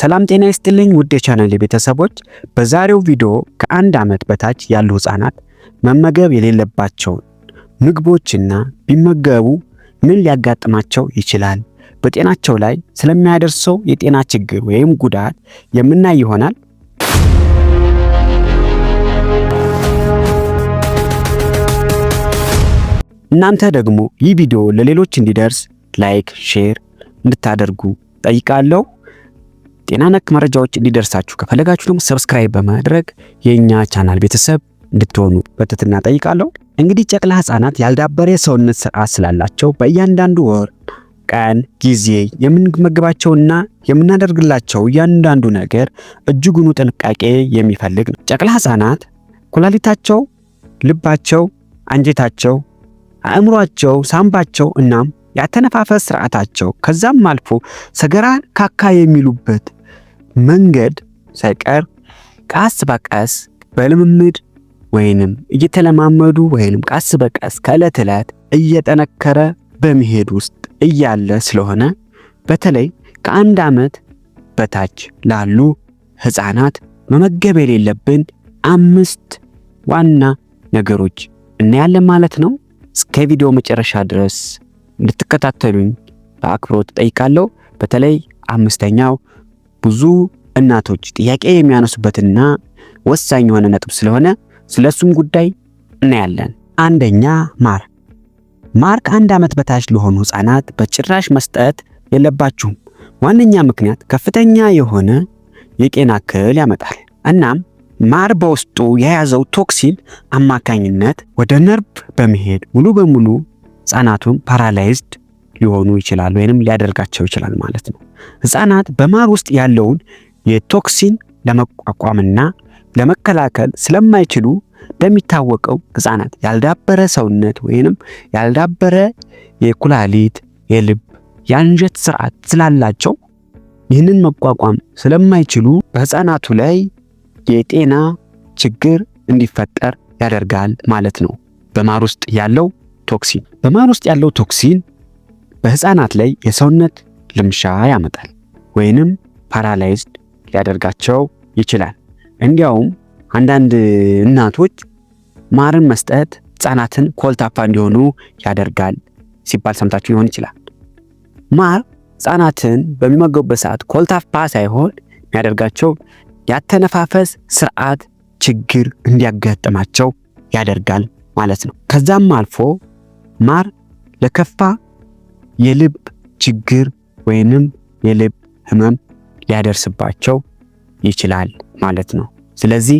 ሰላም ጤና ይስጥልኝ ውድ የቻናል ቤተሰቦች፣ በዛሬው ቪዲዮ ከአንድ ዓመት በታች ያሉ ህጻናት መመገብ የሌለባቸውን ምግቦችና ቢመገቡ ምን ሊያጋጥማቸው ይችላል፣ በጤናቸው ላይ ስለሚያደርሰው የጤና ችግር ወይም ጉዳት የምናይ ይሆናል። እናንተ ደግሞ ይህ ቪዲዮ ለሌሎች እንዲደርስ ላይክ፣ ሼር እንድታደርጉ ጠይቃለሁ። ጤና ነክ መረጃዎች እንዲደርሳችሁ ከፈለጋችሁ ደግሞ ሰብስክራይብ በማድረግ የእኛ ቻናል ቤተሰብ እንድትሆኑ በትህትና ጠይቃለሁ። እንግዲህ ጨቅላ ህጻናት ያልዳበረ የሰውነት ስርዓት ስላላቸው በእያንዳንዱ ወር፣ ቀን፣ ጊዜ የምንመግባቸውና የምናደርግላቸው እያንዳንዱ ነገር እጅጉኑ ጥንቃቄ የሚፈልግ ነው። ጨቅላ ህጻናት ኩላሊታቸው፣ ልባቸው፣ አንጀታቸው፣ አእምሯቸው፣ ሳምባቸው እናም ያተነፋፈስ ስርዓታቸው ከዛም አልፎ ሰገራ ካካ የሚሉበት መንገድ ሳይቀር ቀስ በቀስ በልምምድ ወይንም እየተለማመዱ ወይንም ቀስ በቀስ ከእለት ዕለት እየጠነከረ በመሄድ ውስጥ እያለ ስለሆነ በተለይ ከአንድ ዓመት በታች ላሉ ሕፃናት መመገብ የሌለብን አምስት ዋና ነገሮች እናያለን ማለት ነው። እስከ ቪዲዮ መጨረሻ ድረስ እንድትከታተሉኝ በአክብሮት ጠይቃለሁ። በተለይ አምስተኛው ብዙ እናቶች ጥያቄ የሚያነሱበትና ወሳኝ የሆነ ነጥብ ስለሆነ ስለሱም ጉዳይ እናያለን። አንደኛ ማር። ማር ከአንድ ዓመት በታች ለሆኑ ህፃናት በጭራሽ መስጠት የለባችሁም። ዋነኛ ምክንያት ከፍተኛ የሆነ የጤና እክል ያመጣል። እናም ማር በውስጡ የያዘው ቶክሲን አማካኝነት ወደ ነርቭ በመሄድ ሙሉ በሙሉ ህፃናቱን ፓራላይዝድ ሊሆኑ ይችላል ወይንም ሊያደርጋቸው ይችላል ማለት ነው። ህፃናት በማር ውስጥ ያለውን የቶክሲን ለመቋቋምና ለመከላከል ስለማይችሉ እንደሚታወቀው ህፃናት ያልዳበረ ሰውነት ወይንም ያልዳበረ የኩላሊት፣ የልብ፣ የአንጀት ስርዓት ስላላቸው ይህንን መቋቋም ስለማይችሉ በህፃናቱ ላይ የጤና ችግር እንዲፈጠር ያደርጋል ማለት ነው። በማር ውስጥ ያለው ቶክሲን በማር ውስጥ ያለው ቶክሲን በህፃናት ላይ የሰውነት ልምሻ ያመጣል ወይንም ፓራላይዝድ ሊያደርጋቸው ይችላል። እንዲያውም አንዳንድ እናቶች ማርን መስጠት ህፃናትን ኮልታፋ እንዲሆኑ ያደርጋል ሲባል ሰምታችሁ ሊሆን ይችላል። ማር ህፃናትን በሚመገቡበት ሰዓት ኮልታፋ ሳይሆን የሚያደርጋቸው ያተነፋፈስ ስርዓት ችግር እንዲያጋጥማቸው ያደርጋል ማለት ነው። ከዛም አልፎ ማር ለከፋ የልብ ችግር ወይንም የልብ ህመም ሊያደርስባቸው ይችላል ማለት ነው። ስለዚህ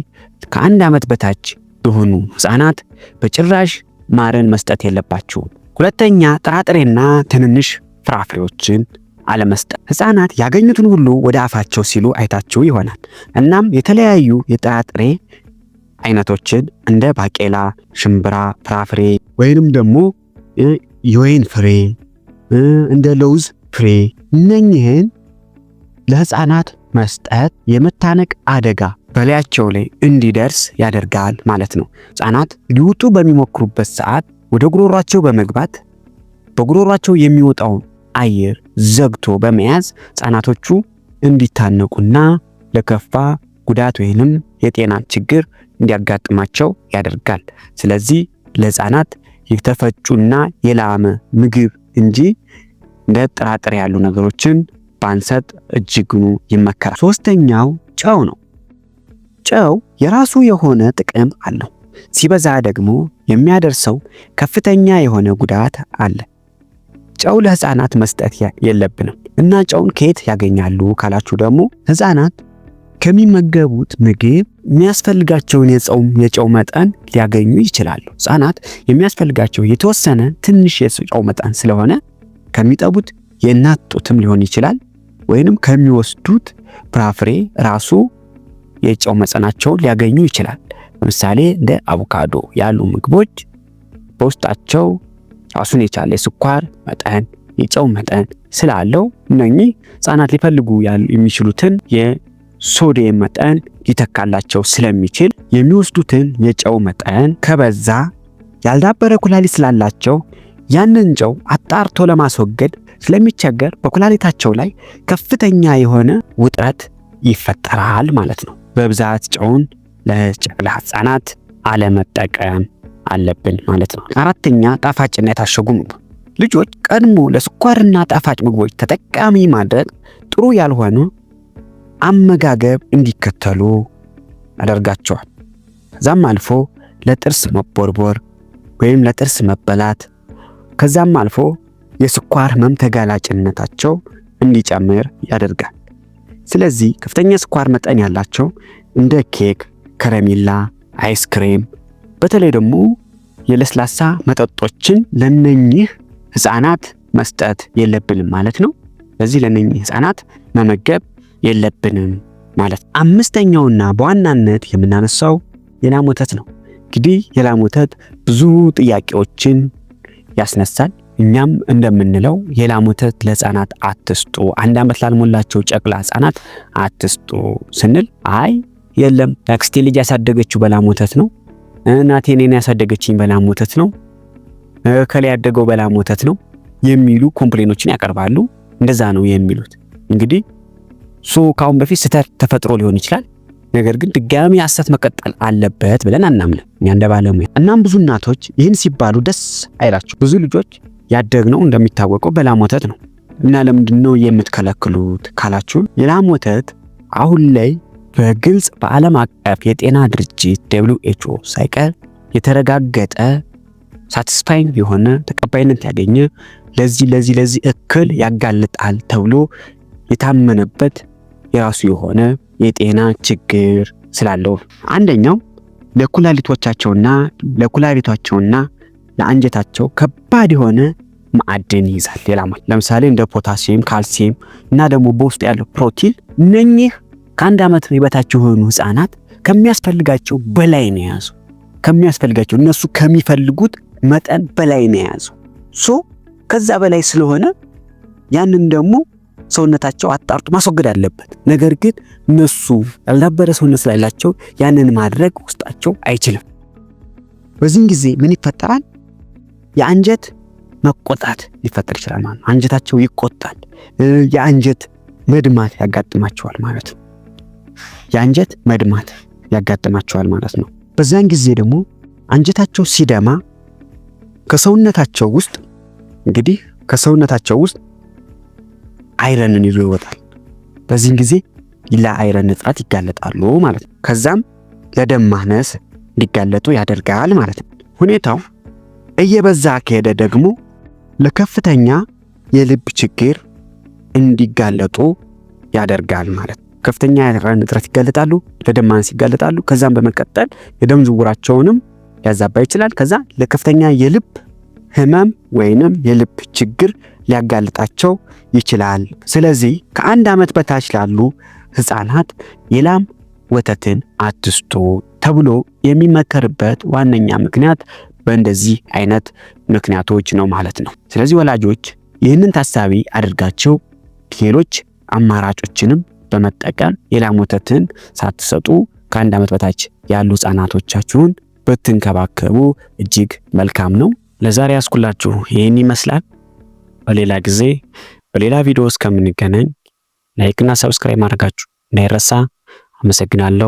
ከአንድ ዓመት በታች የሆኑ ህፃናት በጭራሽ ማርን መስጠት የለባቸውም። ሁለተኛ ጥራጥሬና ትንንሽ ፍራፍሬዎችን አለመስጠት። ህፃናት ያገኙትን ሁሉ ወደ አፋቸው ሲሉ አይታችሁ ይሆናል። እናም የተለያዩ የጥራጥሬ አይነቶችን እንደ ባቄላ፣ ሽምብራ፣ ፍራፍሬ ወይንም ደግሞ የወይን ፍሬ እንደ ለውዝ ፍሬ እነኝህን ለህፃናት መስጠት የመታነቅ አደጋ በላያቸው ላይ እንዲደርስ ያደርጋል ማለት ነው። ህፃናት ሊውጡ በሚሞክሩበት ሰዓት ወደ ጉሮሯቸው በመግባት በጉሮሯቸው የሚወጣውን አየር ዘግቶ በመያዝ ህፃናቶቹ እንዲታነቁና ለከፋ ጉዳት ወይንም የጤና ችግር እንዲያጋጥማቸው ያደርጋል። ስለዚህ ለህፃናት የተፈጩና የላመ ምግብ እንጂ እንደ ጥራጥሬ ያሉ ነገሮችን ባንሰጥ እጅግኑ ይመከራል። ሶስተኛው ጨው ነው። ጨው የራሱ የሆነ ጥቅም አለው። ሲበዛ ደግሞ የሚያደርሰው ከፍተኛ የሆነ ጉዳት አለ። ጨው ለህፃናት መስጠት የለብንም እና ጨውን ከየት ያገኛሉ ካላችሁ ደግሞ ህፃናት ከሚመገቡት ምግብ የሚያስፈልጋቸውን የጾም የጨው መጠን ሊያገኙ ይችላሉ። ህጻናት የሚያስፈልጋቸው የተወሰነ ትንሽ የጨው መጠን ስለሆነ ከሚጠቡት የእናት ጡትም ሊሆን ይችላል ወይንም ከሚወስዱት ፍራፍሬ ራሱ የጨው መጠናቸውን ሊያገኙ ይችላል። ለምሳሌ እንደ አቮካዶ ያሉ ምግቦች በውስጣቸው ራሱን የቻለ የስኳር መጠን የጨው መጠን ስላለው እነኚህ ህጻናት ሊፈልጉ የሚችሉትን ሶዲየም መጠን ሊተካላቸው ስለሚችል የሚወስዱትን የጨው መጠን ከበዛ ያልዳበረ ኩላሊት ስላላቸው ያንን ጨው አጣርቶ ለማስወገድ ስለሚቸገር በኩላሊታቸው ላይ ከፍተኛ የሆነ ውጥረት ይፈጠራል ማለት ነው። በብዛት ጨውን ለጨቅላ ህፃናት አለመጠቀም አለብን ማለት ነው። አራተኛ ጣፋጭና የታሸጉ ምግብ ልጆች ቀድሞ ለስኳርና ጣፋጭ ምግቦች ተጠቃሚ ማድረግ ጥሩ ያልሆኑ አመጋገብ እንዲከተሉ ያደርጋቸዋል። ከዛም አልፎ ለጥርስ መቦርቦር ወይም ለጥርስ መበላት ከዛም አልፎ የስኳር ህመም ተጋላጭነታቸው እንዲጨምር ያደርጋል። ስለዚህ ከፍተኛ ስኳር መጠን ያላቸው እንደ ኬክ፣ ከረሜላ፣ አይስክሬም በተለይ ደግሞ የለስላሳ መጠጦችን ለነኚህ ህፃናት መስጠት የለብንም ማለት ነው። ለዚህ ለነኚህ ህፃናት መመገብ የለብንም ማለት። አምስተኛውና በዋናነት የምናነሳው የላም ወተት ነው። እንግዲህ የላም ወተት ብዙ ጥያቄዎችን ያስነሳል። እኛም እንደምንለው የላም ወተት ለህፃናት አትስጡ፣ አንድ ዓመት ላልሞላቸው ጨቅላ ህፃናት አትስጡ ስንል አይ የለም ያክስቴ ልጅ ያሳደገችው በላም ወተት ነው፣ እናቴ እኔን ያሳደገችኝ በላም ወተት ነው፣ ከላይ ያደገው በላም ወተት ነው የሚሉ ኮምፕሌኖችን ያቀርባሉ። እንደዛ ነው የሚሉት እንግዲህ ሶ ከአሁን በፊት ስህተት ተፈጥሮ ሊሆን ይችላል። ነገር ግን ድጋሚ ሐሰት መቀጠል አለበት ብለን አናምንም እኛ እንደ ባለሙያ። እናም ብዙ እናቶች ይህን ሲባሉ ደስ አይላቸው። ብዙ ልጆች ያደግነው እንደሚታወቀው በላም ወተት ነው እና ለምንድን ነው የምትከለክሉት ካላችሁ የላም ወተት አሁን ላይ በግልጽ በዓለም አቀፍ የጤና ድርጅት ደብሊው ኤች ኦ ሳይቀር የተረጋገጠ ሳቲስፋይንግ የሆነ ተቀባይነት ያገኘ ለዚህ ለዚህ ለዚህ እክል ያጋልጣል ተብሎ የታመነበት የራሱ የሆነ የጤና ችግር ስላለው ነው። አንደኛው ለኩላሊቶቻቸውና ለኩላሊቶቻቸውና ለአንጀታቸው ከባድ የሆነ ማዕድን ይይዛል። ሌላ ማለት ለምሳሌ እንደ ፖታሲየም፣ ካልሲየም እና ደግሞ በውስጡ ያለው ፕሮቲን እነኚህ ከአንድ ዓመት በታች የሆኑ ህፃናት ከሚያስፈልጋቸው በላይ ነው የያዙ ከሚያስፈልጋቸው እነሱ ከሚፈልጉት መጠን በላይ ነው የያዙ ሶ ከዛ በላይ ስለሆነ ያንን ደግሞ ሰውነታቸው አጣርቶ ማስወገድ አለበት። ነገር ግን እነሱ ያልዳበረ ሰውነት ስላላቸው ያንን ማድረግ ውስጣቸው አይችልም። በዚህም ጊዜ ምን ይፈጠራል? የአንጀት መቆጣት ሊፈጠር ይችላል ማለት ነው። አንጀታቸው ይቆጣል። የአንጀት መድማት ያጋጥማቸዋል ማለት ነው። የአንጀት መድማት ያጋጥማቸዋል ማለት ነው። በዚያን ጊዜ ደግሞ አንጀታቸው ሲደማ ከሰውነታቸው ውስጥ እንግዲህ ከሰውነታቸው ውስጥ አይረንን ይዞ ይወጣል። በዚህም ጊዜ ለአይረን እጥረት ይጋለጣሉ ማለት ነው። ከዛም ለደም ማነስ እንዲጋለጡ ያደርጋል ማለት ነው። ሁኔታው እየበዛ ከሄደ ደግሞ ለከፍተኛ የልብ ችግር እንዲጋለጡ ያደርጋል ማለት ነው። ከፍተኛ የአይረን እጥረት ይጋለጣሉ፣ ለደም ማነስ ይጋለጣሉ። ከዛም በመቀጠል የደም ዝውውራቸውንም ሊያዛባ ይችላል። ከዛ ለከፍተኛ የልብ ህመም ወይንም የልብ ችግር ሊያጋልጣቸው ይችላል። ስለዚህ ከአንድ ዓመት በታች ላሉ ሕፃናት የላም ወተትን አትስጡ ተብሎ የሚመከርበት ዋነኛ ምክንያት በእንደዚህ አይነት ምክንያቶች ነው ማለት ነው። ስለዚህ ወላጆች ይህንን ታሳቢ አድርጋቸው ሌሎች አማራጮችንም በመጠቀም የላም ወተትን ሳትሰጡ ከአንድ ዓመት በታች ያሉ ሕፃናቶቻችሁን ብትንከባከቡ እጅግ መልካም ነው። ለዛሬ ያስኩላችሁ ይህን ይመስላል። በሌላ ጊዜ በሌላ ቪዲዮ እስከምንገናኝ ላይክ እና ሰብስክራይብ ማድረጋችሁ እንዳይረሳ። አመሰግናለሁ።